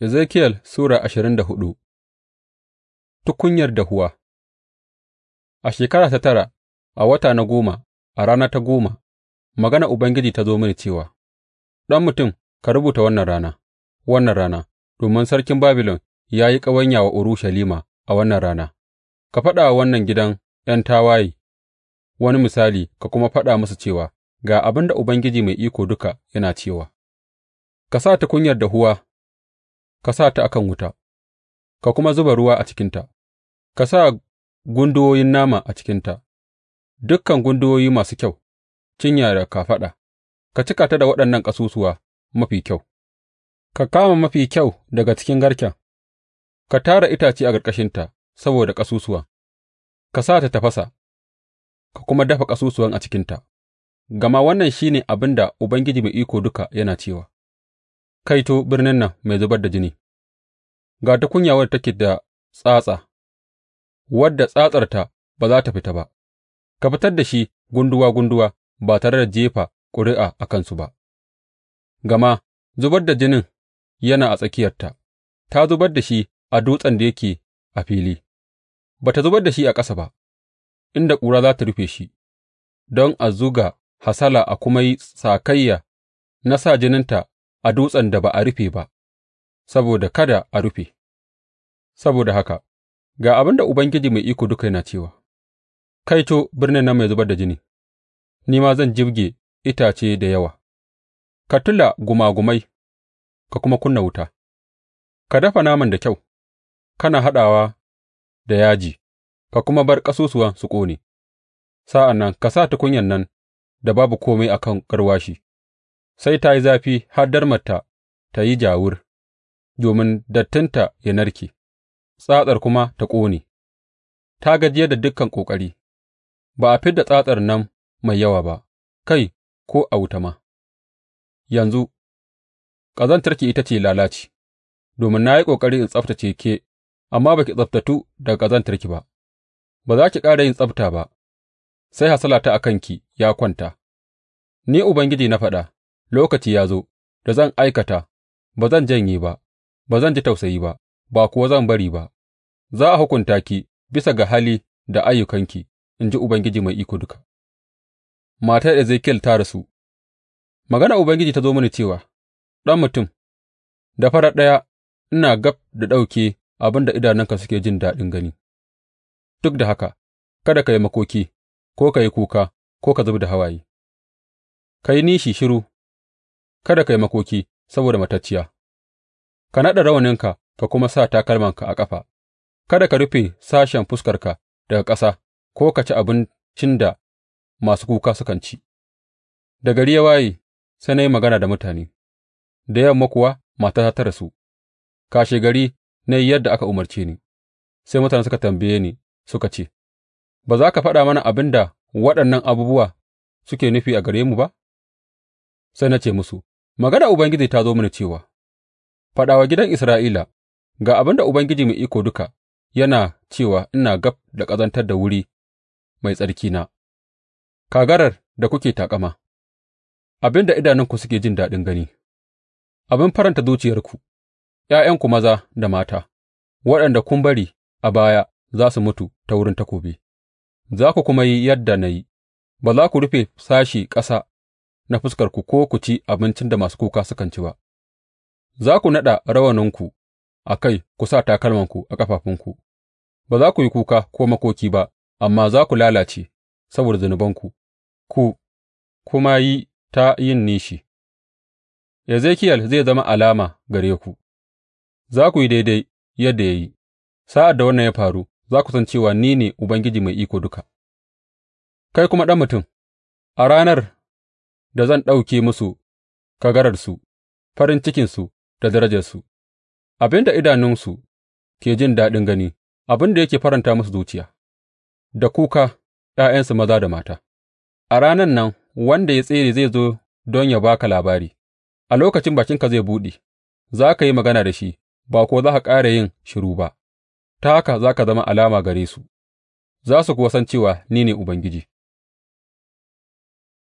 ezekiel Sura ashirin da hudu Tukunyar dahuwa A shekara ta tara, a wata na goma, a rana ta goma, magana Ubangiji ta zo mini cewa, Ɗan mutum, ka rubuta wannan rana, wannan rana, domin sarkin Babilon ya yi ƙawanya wa Urushalima a wannan rana, ka faɗa wa wannan gidan ’yan tawaye wani misali ka kuma faɗa musu cewa, Ga abin da Ubangiji Mai Iko Duka yana cewa, Ka sa tukunyar dahuwa ka sa ta a kan wuta ka kuma zuba ruwa a cikinta; ka sa gunduwoyin nama a cikinta, Dukkan gunduwoyi masu kyau, cinya da kafaɗa, ka cika ta da waɗannan ƙasusuwa mafi kyau, ka kama mafi kyau daga cikin garken, ka tara itace a ƙarƙashinta saboda ƙasusuwan, ka sa ta tafasa, ka kuma dafa ƙasusuwan a cikinta, gama wannan shi ne abin da Ubangiji Mai Iko Duka yana cewa. Kaito birnin nan mai zubar da jini, ga tukunya wadda take da tsatsa, wadda tsatsarta ba za ta fita ba, ka fitar da shi gunduwa gunduwa ba tare da jefa ƙuri'a a kansu ba, gama zubar da jinin yana a tsakiyarta, ta zubar da shi a dutsen da yake a fili, ba ta zubar da shi a ƙasa ba, inda ƙura za ta rufe shi, don a zuga hasala a kuma yi sakayya na sa jininta a dutsen da ba a rufe ba, saboda kada a rufe, saboda haka, ga abin da Ubangiji Mai Iko Duka yana cewa, Kaito birnin nan mai zubar da jini, ni ma zan jibge itace da yawa, ka tula gumagumai ka kuma kunna wuta, ka dafa naman da kyau, kana haɗawa da yaji, ka kuma bar ƙasusuwan su ƙone, sa'an nan ka sa tukunyan nan da babu komai a kan garwashi. sai ta yi zafi har darmarta ta yi jawur domin dattinta ya narke, tsatsar kuma ta ƙone; ta gajiyar da dukan ƙoƙari, ba a fidda tsatsar nan mai yawa ba, kai, ko a wuta ma, yanzu ƙazantarki ita ce lalaci, domin na yi ƙoƙari in tsabtacce ke, amma ba ki tsaftatu daga ƙazantarki ba, ba za ki ƙara yin tsabta ba, sai hasalata a kanki ya kwanta, Ni Ubangiji na faɗa. Lokaci ya zo da zan aikata; ba zan janye ba, ba zan ji tausayi ba, ba kuwa zan bari ba; za a hukunta ki bisa ga hali da ayyukanki, in ji Ubangiji Mai Iko Duka. Matar Ezekiyel ta rasu Magana Ubangiji ta zo mini cewa, Ɗan mutum, da farat ɗaya ina gab da ɗauke abin da idanunka suke jin daɗin gani, duk da haka kada ka yi makoki ko ka yi kuka ko ka zub da hawaye; ka yi nishi shiru. kada ka yi makoki saboda matacciya, ka naɗa rawaninka ka kuma sa takalmanka a ƙafa, kada ka rufe sashen fuskarka daga ƙasa ko ka ci abincin da masu kuka sukan ci. Da gari ya waye, sai na yi magana da mutane, da yamma kuwa matata ta rasu, kashegari na yi yadda aka umarce ni, sai mutane suka tambaye ni suka ce, Ba za ka faɗa mana abin da waɗannan abubuwa suke nufi a gare mu ba? Sai na ce musu, Maganar Ubangiji ta zo mini cewa, Faɗa wa gidan Isra'ila, Ga abin da Ubangiji Mai Iko Duka yana cewa ina gab da ƙazantar da wuri mai tsarkina, kagarar da kuke taƙama, abin da idanunku suke jin daɗin gani, abin faranta zuciyarku, ’ya'yanku maza da mata, waɗanda kun bari a baya za su mutu ta wurin takobi, za ku kuma yi yadda na yi, ba za ku rufe sashi ƙasa na fuskarku ko ku ci abincin da masu kuka sukan ci ba, za ku naɗa rawaninku a kai ku sa takalmanku a ƙafafunku, ba za ku yi kuka ko makoki ba, amma za ku lalace saboda zunubanku, ku kuma yi ta yin nishi. Ezekiyel zai zama alama gare ku, za ku yi daidai yadda ya yi, sa'ad da wannan ya faru, za ku san cewa ni ne Ubangiji Mai Iko Duka. Kai kuma ɗan mutum, a ranar da zan ɗauke musu kagararsu, farin cikinsu da darajarsu, abin da idanunsu ke jin daɗin gani, abin da yake faranta musu zuciya, da kuka ’ya'yansu maza da mata. A ranan nan wanda ya tsere zai zo don ya ba ka labari, a lokacin bakinka zai buɗe, za ka yi magana da shi, ba ko za ka ƙara yin shiru ba, ta haka za ka zama alama gare su, za su kuwa san cewa ni ne Ubangiji.